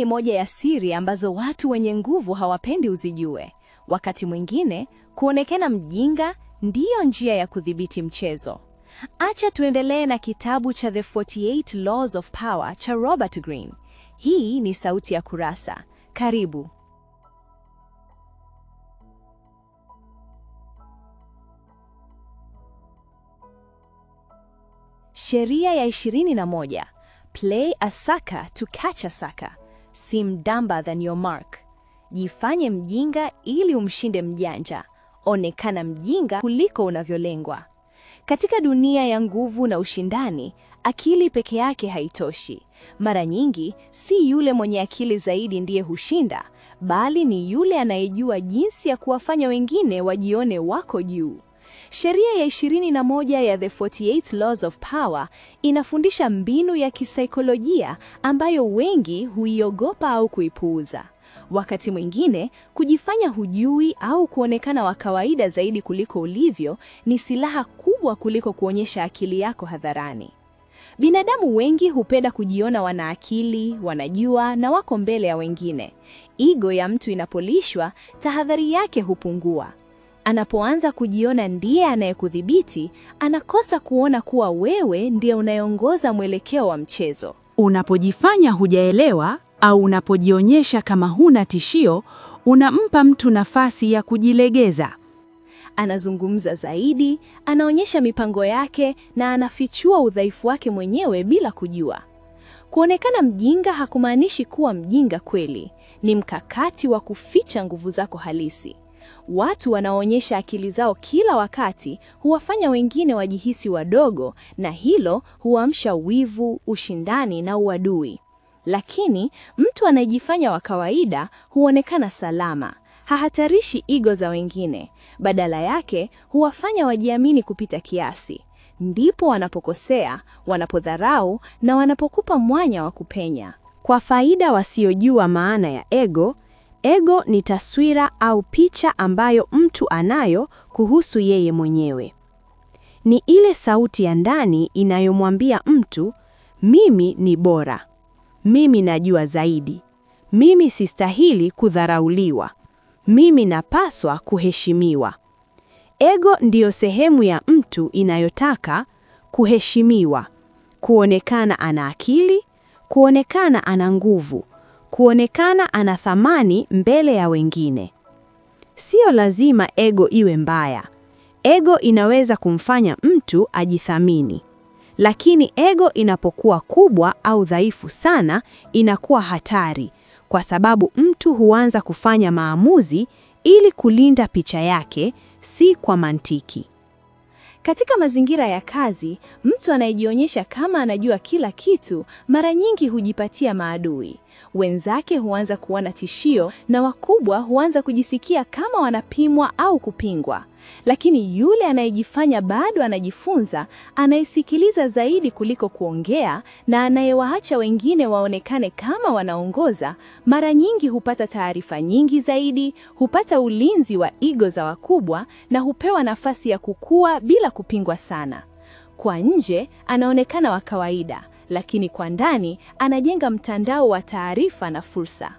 ni moja ya siri ambazo watu wenye nguvu hawapendi uzijue. Wakati mwingine kuonekana mjinga ndiyo njia ya kudhibiti mchezo. Acha tuendelee na kitabu cha The 48 Laws of Power cha Robert Greene. Hii ni Sauti ya Kurasa. Karibu. Sheria ya 21, play a sucker to catch a sucker. Seem dumber than your mark. Jifanye mjinga ili umshinde mjanja. Onekana mjinga kuliko unavyolengwa. Katika dunia ya nguvu na ushindani, akili peke yake haitoshi. Mara nyingi si yule mwenye akili zaidi ndiye hushinda, bali ni yule anayejua jinsi ya kuwafanya wengine wajione wako juu. Sheria ya 21 ya The 48 Laws of Power inafundisha mbinu ya kisaikolojia ambayo wengi huiogopa au kuipuuza. Wakati mwingine, kujifanya hujui au kuonekana wa kawaida zaidi kuliko ulivyo ni silaha kubwa kuliko kuonyesha akili yako hadharani. Binadamu wengi hupenda kujiona wana akili, wanajua na wako mbele ya wengine. Ego ya mtu inapolishwa, tahadhari yake hupungua. Anapoanza kujiona ndiye anayekudhibiti, anakosa kuona kuwa wewe ndiye unayeongoza mwelekeo wa mchezo. Unapojifanya hujaelewa au unapojionyesha kama huna tishio, unampa mtu nafasi ya kujilegeza. Anazungumza zaidi, anaonyesha mipango yake na anafichua udhaifu wake mwenyewe bila kujua. Kuonekana mjinga hakumaanishi kuwa mjinga kweli, ni mkakati wa kuficha nguvu zako halisi. Watu wanaoonyesha akili zao kila wakati huwafanya wengine wajihisi wadogo, na hilo huamsha wivu, ushindani na uadui. Lakini mtu anayejifanya wa kawaida huonekana salama, hahatarishi ego za wengine. Badala yake huwafanya wajiamini kupita kiasi. Ndipo wanapokosea, wanapodharau na wanapokupa mwanya wa kupenya. Kwa faida wasiojua maana ya ego Ego ni taswira au picha ambayo mtu anayo kuhusu yeye mwenyewe. Ni ile sauti ya ndani inayomwambia mtu, mimi ni bora, mimi najua zaidi, mimi sistahili kudharauliwa, mimi napaswa kuheshimiwa. Ego ndiyo sehemu ya mtu inayotaka kuheshimiwa, kuonekana ana akili, kuonekana ana nguvu, kuonekana ana thamani mbele ya wengine. Sio lazima ego iwe mbaya. Ego inaweza kumfanya mtu ajithamini, lakini ego inapokuwa kubwa au dhaifu sana inakuwa hatari, kwa sababu mtu huanza kufanya maamuzi ili kulinda picha yake, si kwa mantiki. Katika mazingira ya kazi, mtu anayejionyesha kama anajua kila kitu mara nyingi hujipatia maadui. Wenzake huanza kuona tishio na wakubwa huanza kujisikia kama wanapimwa au kupingwa. Lakini yule anayejifanya bado anajifunza, anayesikiliza zaidi kuliko kuongea na anayewaacha wengine waonekane kama wanaongoza, mara nyingi hupata taarifa nyingi zaidi, hupata ulinzi wa ego za wakubwa na hupewa nafasi ya kukua bila kupingwa sana. Kwa nje anaonekana wa kawaida, lakini kwa ndani anajenga mtandao wa taarifa na fursa.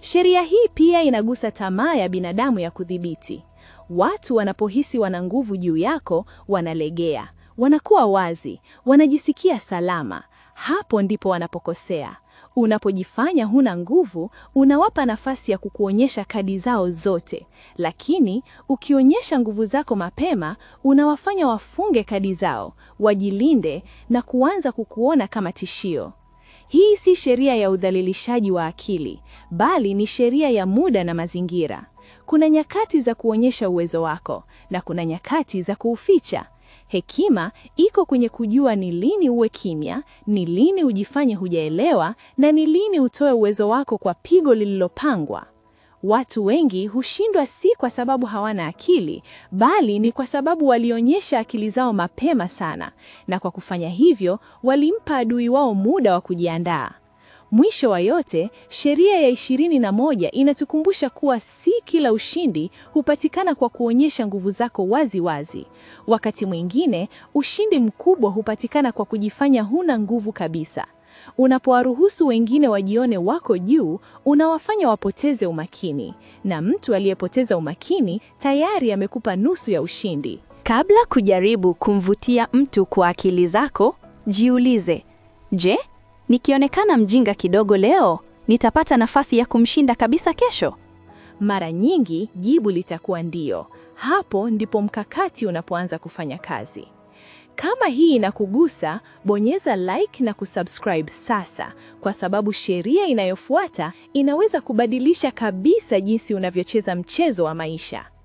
Sheria hii pia inagusa tamaa ya binadamu ya kudhibiti. Watu wanapohisi wana nguvu juu yako, wanalegea, wanakuwa wazi, wanajisikia salama. Hapo ndipo wanapokosea. Unapojifanya huna nguvu, unawapa nafasi ya kukuonyesha kadi zao zote, lakini ukionyesha nguvu zako mapema, unawafanya wafunge kadi zao, wajilinde na kuanza kukuona kama tishio. Hii si sheria ya udhalilishaji wa akili, bali ni sheria ya muda na mazingira. Kuna nyakati za kuonyesha uwezo wako na kuna nyakati za kuuficha. Hekima iko kwenye kujua ni lini uwe kimya, ni lini ujifanye hujaelewa, na ni lini utoe uwezo wako kwa pigo lililopangwa. Watu wengi hushindwa si kwa sababu hawana akili, bali ni kwa sababu walionyesha akili zao mapema sana, na kwa kufanya hivyo walimpa adui wao muda wa kujiandaa. Mwisho wa yote, sheria ya ishirini na moja inatukumbusha kuwa si kila ushindi hupatikana kwa kuonyesha nguvu zako wazi wazi. Wakati mwingine, ushindi mkubwa hupatikana kwa kujifanya huna nguvu kabisa. Unapowaruhusu wengine wajione wako juu, unawafanya wapoteze umakini, na mtu aliyepoteza umakini tayari amekupa nusu ya ushindi. Kabla kujaribu kumvutia mtu kwa akili zako, jiulize, je, nikionekana mjinga kidogo leo, nitapata nafasi ya kumshinda kabisa kesho? Mara nyingi jibu litakuwa ndio. Hapo ndipo mkakati unapoanza kufanya kazi. Kama hii inakugusa, bonyeza like na kusubscribe sasa, kwa sababu sheria inayofuata inaweza kubadilisha kabisa jinsi unavyocheza mchezo wa maisha.